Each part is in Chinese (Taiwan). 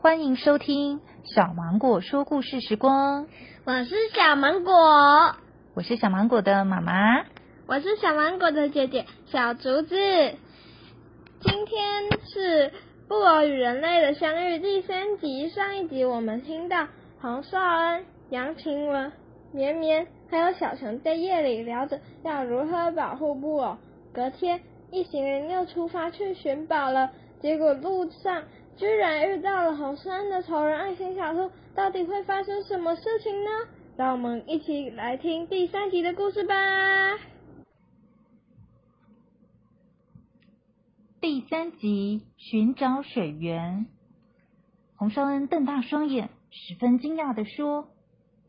歡迎收聽《小芒果說故事時光》。我是小芒果，我是小芒果的媽媽，我是小芒果的姐姐小竹子。今天是布偶與人類的相遇第三集。上一集我們聽到洪紹恩、楊晴雯、綿綿還有小熊在夜裡聊着要如何保護布偶。隔天，一行人又出發去尋寶了。結果路上。居然遇到了洪紹恩的仇人愛心小兔，到底會發生什麼事情呢？讓我們一起來聽第三集的故事吧。第三集尋找水源，洪紹恩瞪大雙眼，十分驚訝地說，啊：“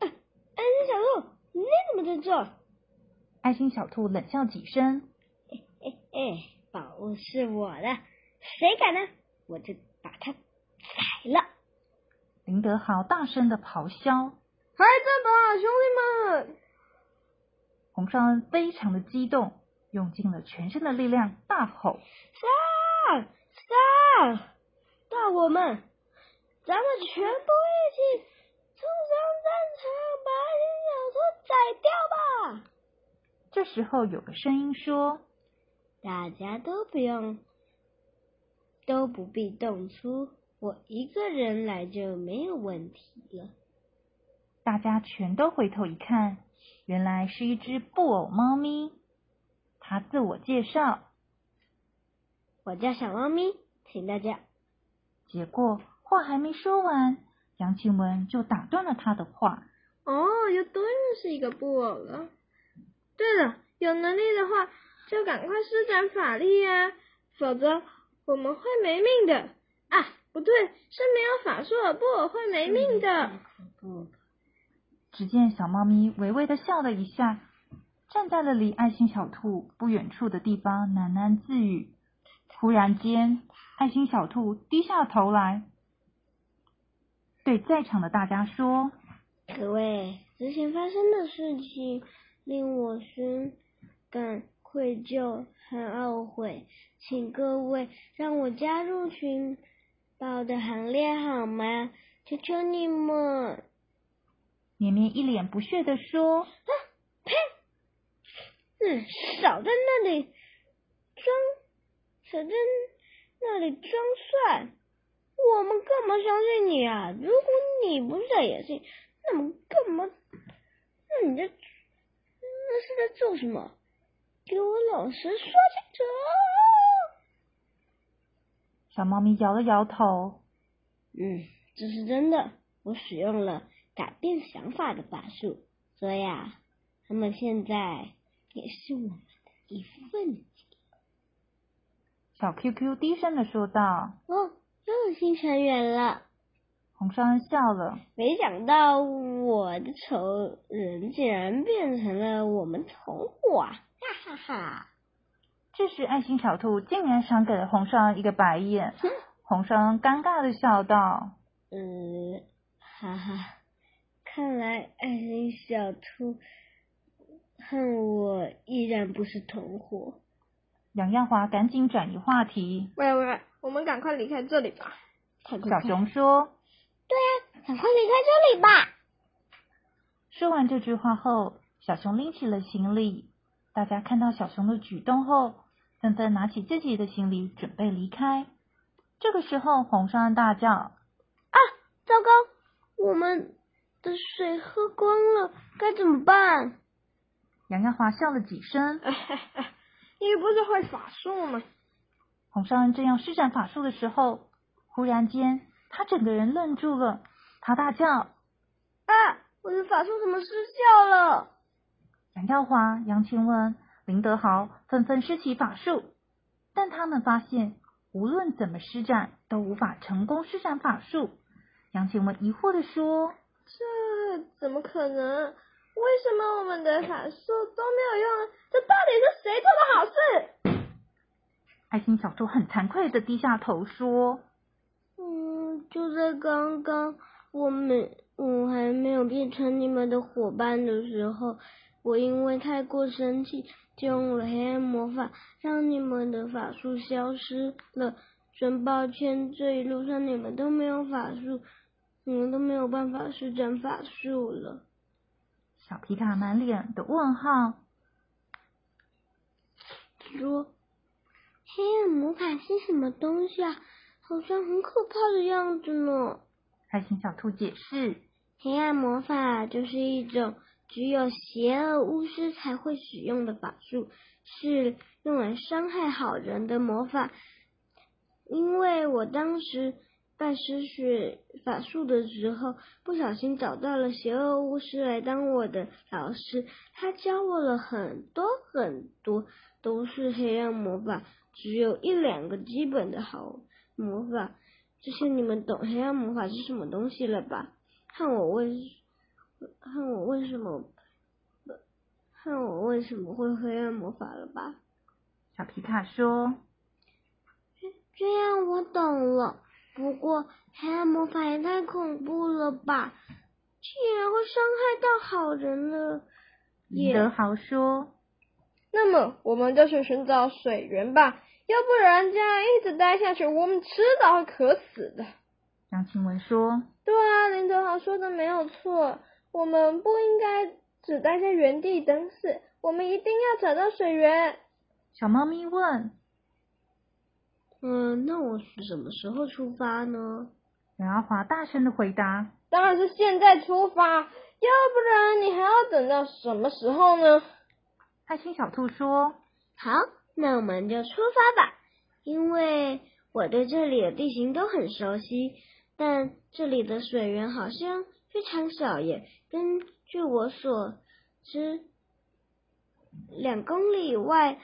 愛心小兔，你怎麼在這？”愛心小兔冷笑幾聲：“哎哎哎，寶物是我的，誰敢呢？我就。”把他宰了！林德豪大聲的咆哮。還在嗎？兄弟們！洪紹恩非常的激動，用盡了全身的力量大吼。殺殺，大夥們，咱們全部一起衝上戰場，把愛心小兔宰掉吧！這時候有個聲音說：“大家都不用。”都不必動粗，我一個人來就沒有問題了。大家全都回頭一看，原來是一只布偶貓咪。它自我介紹：“我叫小貓咪，請大家。”結果話還沒說完，楊晴雯就打斷了他的話：“哦，又多認識一個布偶了。對了，有能力的話就趕快施展法力呀、啊，否則。”我們會沒命的！啊，不對，是沒有法術，不，我會沒命的。只見小貓咪微微的笑了一下，站在了離愛心小兔不遠處的地方，喃喃自語。忽然間，愛心小兔低下頭來，對在場的大家說：“各位，之前發生的事情，令我深感愧疚，很懊悔。”請各位讓我加入尋寶的行列好嗎？求求你們！綿綿一臉不屑的說：“啊呸，嗯，少在那裡裝，少在那裡裝蒜，我們幹嘛相信你啊？如果你不是在演戲，那麼幹嘛？那你在那是在做什麼？給我老實說清楚！”小貓咪搖了搖頭，嗯，這是真的。我使用了改變想法的法術，所以啊，他們現在也是我們的一份子。小 Q Q 低聲的說道：“哦，又有新成員了。”洪紹恩笑了，沒想到我的仇人竟然變成了我們同夥，哈哈哈。這時，愛心小兔竟然賞給了洪紹恩一個白眼，嗯、洪紹恩尷尬的笑道：“嗯，哈哈，看來愛心小兔和我依然不是同夥。”楊艷華趕緊轉移話題：“喂喂，我們趕快離開這裡吧！”小熊說：“對呀、啊，趕快離開這裡吧！”說完這句話後，小熊拎起了行李，大家看到小熊的舉動後。紛紛拿起自己的行李準備離開。這個時候，洪紹恩大叫：“啊，糟糕，我們的水喝光了，該怎麼辦？”楊耀華笑了幾聲：“你、哎哎、不是會法術嗎？”洪紹恩正要施展法術的時候，忽然間他整個人愣住了，他大叫：“啊，我的法術怎麼失效了？”楊耀華、楊晴雯。林德豪紛紛施起法術，但他們發現，無論怎麼施展，都無法成功施展法術。楊晴雯疑惑地說：“這怎麼可能？為什麼我們的法術都沒有用？這到底是誰做的好事？”愛心小兔很慚愧地低下頭說：“嗯，就在、是、剛剛我，我們我還沒有變成你們的夥伴的時候。”我因為太過生氣，就用了黑暗魔法，讓你們的法術消失了。真抱歉，這一路上你們都沒有法術，你們都沒有辦法施展法術了。小皮卡滿臉的問號，說：“黑暗魔法是什麼東西啊？好像很可怕的樣子呢。”愛心小兔解釋。黑暗魔法就是一種。只有邪惡巫師才會使用的法術，是用來傷害好人的魔法。因為我當時拜師學法術的時候，不小心找到了邪惡巫師來當我的老師，他教我了很多很多，都是黑暗魔法，只有一兩個基本的好魔法。這些你們懂黑暗魔法是什麼東西了吧？看我為。恨我為什麼，恨我為什麼會黑暗魔法了吧？小皮卡說。這樣我懂了。不過黑暗魔法也太恐怖了吧？竟然會傷害到好人了。林德豪說。那麼我們就去尋找水源吧，要不然這樣一直待下去，我們遲早會渴死的。楊晴雯說。對啊，林德豪說的沒有錯。我們不應該只待在這原地等死，我們一定要找到水源。小貓咪問：“嗯，那我是什麼時候出發呢？”楊華大聲的回答：“當然是現在出發，要不然你還要等到什麼時候呢？”愛心小兔說：“好，那我們就出發吧，因為我對這裡的地形都很熟悉，但這裡的水源好像……”非常小耶，根據我所知，兩公里以外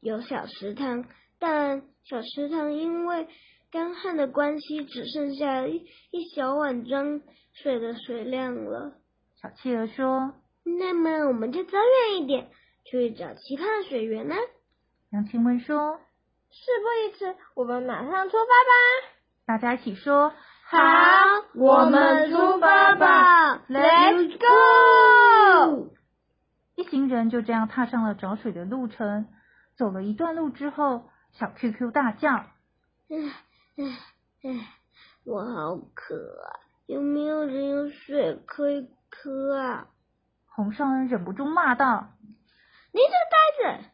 有小池塘，但小池塘因為乾旱的關係，只剩下一一小碗裝水的水量了。小企鵝說。那麼我們就走遠一點，去找其他的水源呢？楊晴雯說。事不宜遲，我們馬上出發吧！大家一起說。好，我們出發吧，Let's go！一行人就這樣踏上了找水的路程。走了一段路之後，小 QQ 大叫：“哎哎哎，我好渴啊，有沒有人有水可以喝啊？”洪紹恩忍不住罵道：“你這個呆子！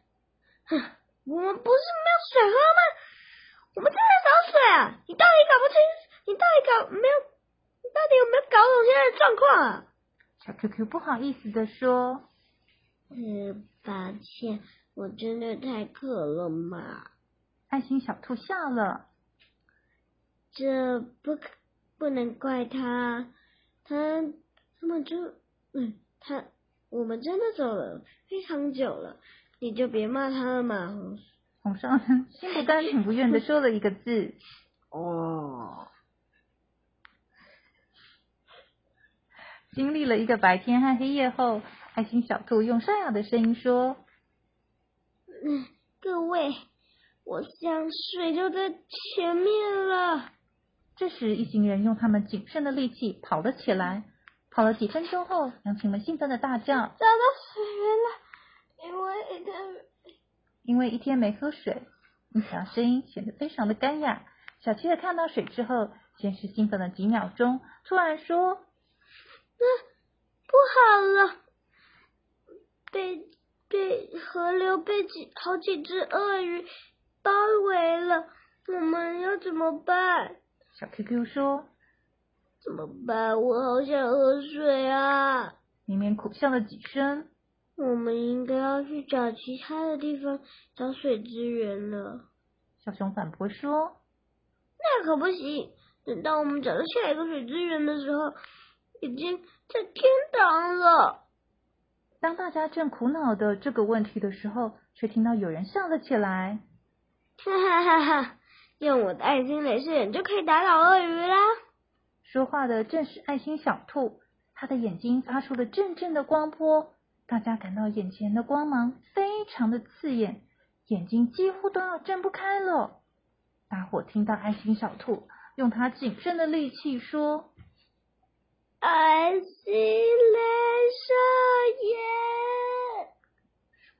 哼！我們不是沒有水喝嗎？我們正在找水啊！你到底搞不清？”你到底搞沒有？你到底有沒有搞懂現在的狀況，啊？小 Q Q 不好意思的說：“嗯、呃，抱歉，我真的太渴了嘛。”愛心小兔笑了。這不不能怪他，他他們就嗯，他我們真的走了非常久了，你就別罵他了嘛。洪紹恩 心不甘情不願的說了一個字：“ 哦。”經歷了一個白天和黑夜後，愛心小兔用沙啞的聲音說：“嗯，各位，我想水就在前面了。”這時，一行人用他們謹慎的力氣跑了起來。跑了幾分鐘後，羊群們興奮的大叫：“找到水源了！”因為一天，因為一天沒喝水，小聲音顯得非常的乾啞。小七看到水之後，先是興奮了幾秒鐘，突然說。那不好了，被被河流，被幾好幾隻鱷魚包圍了，我們要怎麼辦？小 Q Q 說：“怎麼辦？我好想喝水啊！”綿綿苦笑了幾聲。我們應該要去找其他的地方找水資源了。小熊反駁說：“那可不行，等到我們找到下一個水資源的時候。”已經在天堂了。當大家正苦惱的這個問題的時候，卻聽到有人笑了起來，哈哈哈哈！用我的愛心鐳射眼就可以打倒鱷魚啦！說話的正是愛心小兔，它的眼睛發出了陣陣的光波，大家感到眼前的光芒非常的刺眼，眼睛幾乎都要睜不開了。大夥聽到愛心小兔用它僅剩的力氣說。愛是人生也。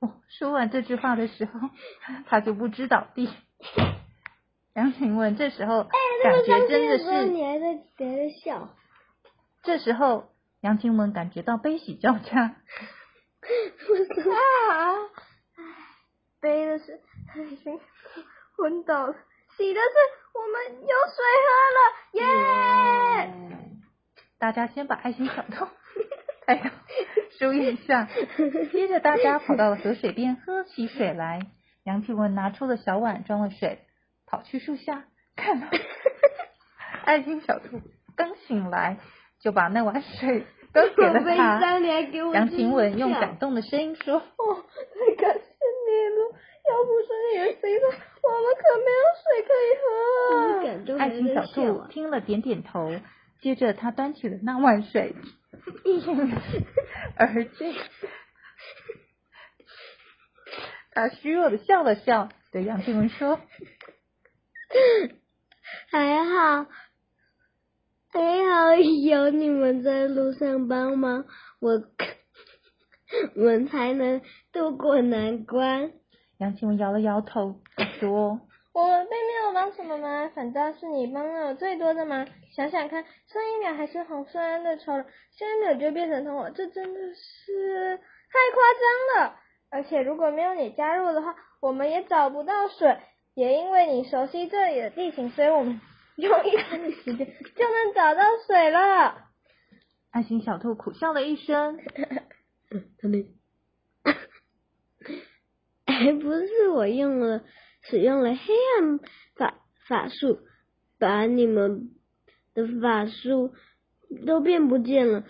哦、oh,，說完這句話的時候，他就不支倒地。楊晴雯這時候感覺真的是，欸、這，有有，這時候，楊晴雯感覺到悲喜交加。 啊！悲的是，哎，暈，昏倒了；喜的是，我們有水喝了，嗯、耶！耶大家先把愛心小兔，哎呀，收一下。接着大家跑到了河水邊喝起水來。楊晴雯拿出了小碗裝了水，跑去樹下看到愛心小兔剛醒來，就把那碗水都給了他。楊晴雯用感動的聲音說：“哦，太感謝你了！要不是你給的，我們可沒有水可以喝。”愛心小兔聽了點點頭。接着，他端起了那碗水， 而且他虛弱的笑了笑，對楊晴雯說：“還好，還好有你們在路上幫忙，我我們才能度過難關。”楊晴雯搖了搖頭說。我、哦、並沒有幫什麼忙，反倒是你幫了我最多的忙。想想看，上一秒還是洪紹恩的仇人，下一秒就變成同夥。這真的是太誇張了。而且如果沒有你加入的話，我們也找不到水。也因為你熟悉這裡的地形，所以我們用一分鐘的時間就能找到水了。愛心小兔苦笑了一聲。 哎，不是我用了。使用了黑暗法法術，把你們的法術都變不見了，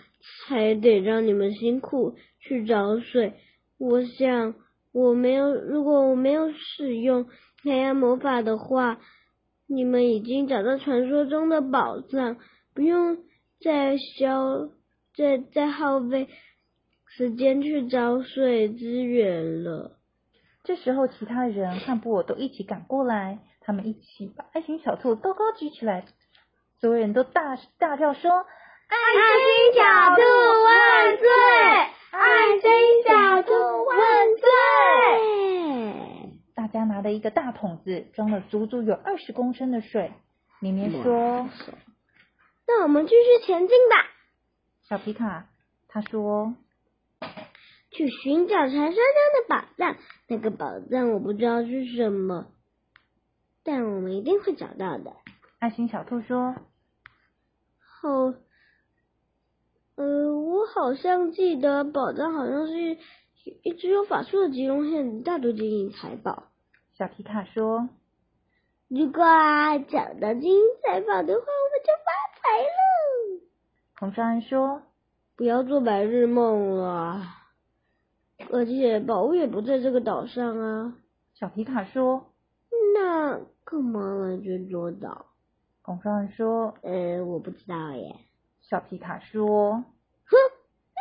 還得讓你們辛苦去找水。我想我沒有，如果我沒有使用黑暗魔法的話，你們已經找到傳說中的寶藏，不用再消再再耗費時間去找水資源了。這時候，其他人、漢布我都一起趕過來。他們一起把愛心小兔高高舉起來，所有人都大大叫說愛：“愛心小兔萬歲！愛心小兔萬歲！”大家拿了一個大桶子，裝了足足有二十公升的水，綿綿說：“那我們繼續前進吧。”小皮卡他說。去尋找傳說中的寶藏，那個寶藏我不知道是什麼，但我們一定會找到的。愛心小兔說：“好，呃我好像記得寶藏好像是一隻有法術的吉隆縣，一大堆金銀財寶。”小皮卡說：“如果、啊、找到金銀財寶的話，我們就發財了。”洪紹恩說：“不要做白日夢了。”而且寶物也不在這個島上啊，小皮卡說。那幹嘛來這座島？洪紹恩說。呃，我不知道耶。小皮卡說。哼，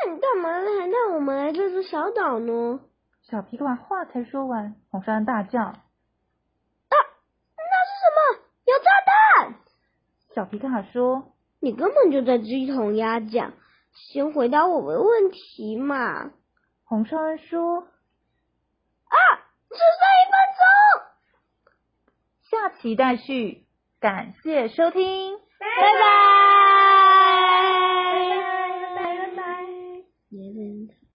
那你幹嘛還帶我們來這座小島呢？小皮卡話才說完，洪紹恩大叫：“啊，那是什麼？有炸彈！”小皮卡說：“你根本就在雞同鴨講，先回答我的問題嘛。”洪紹恩輸，啊，只剩一分鐘，下期待續，感謝收聽，拜拜。拜拜。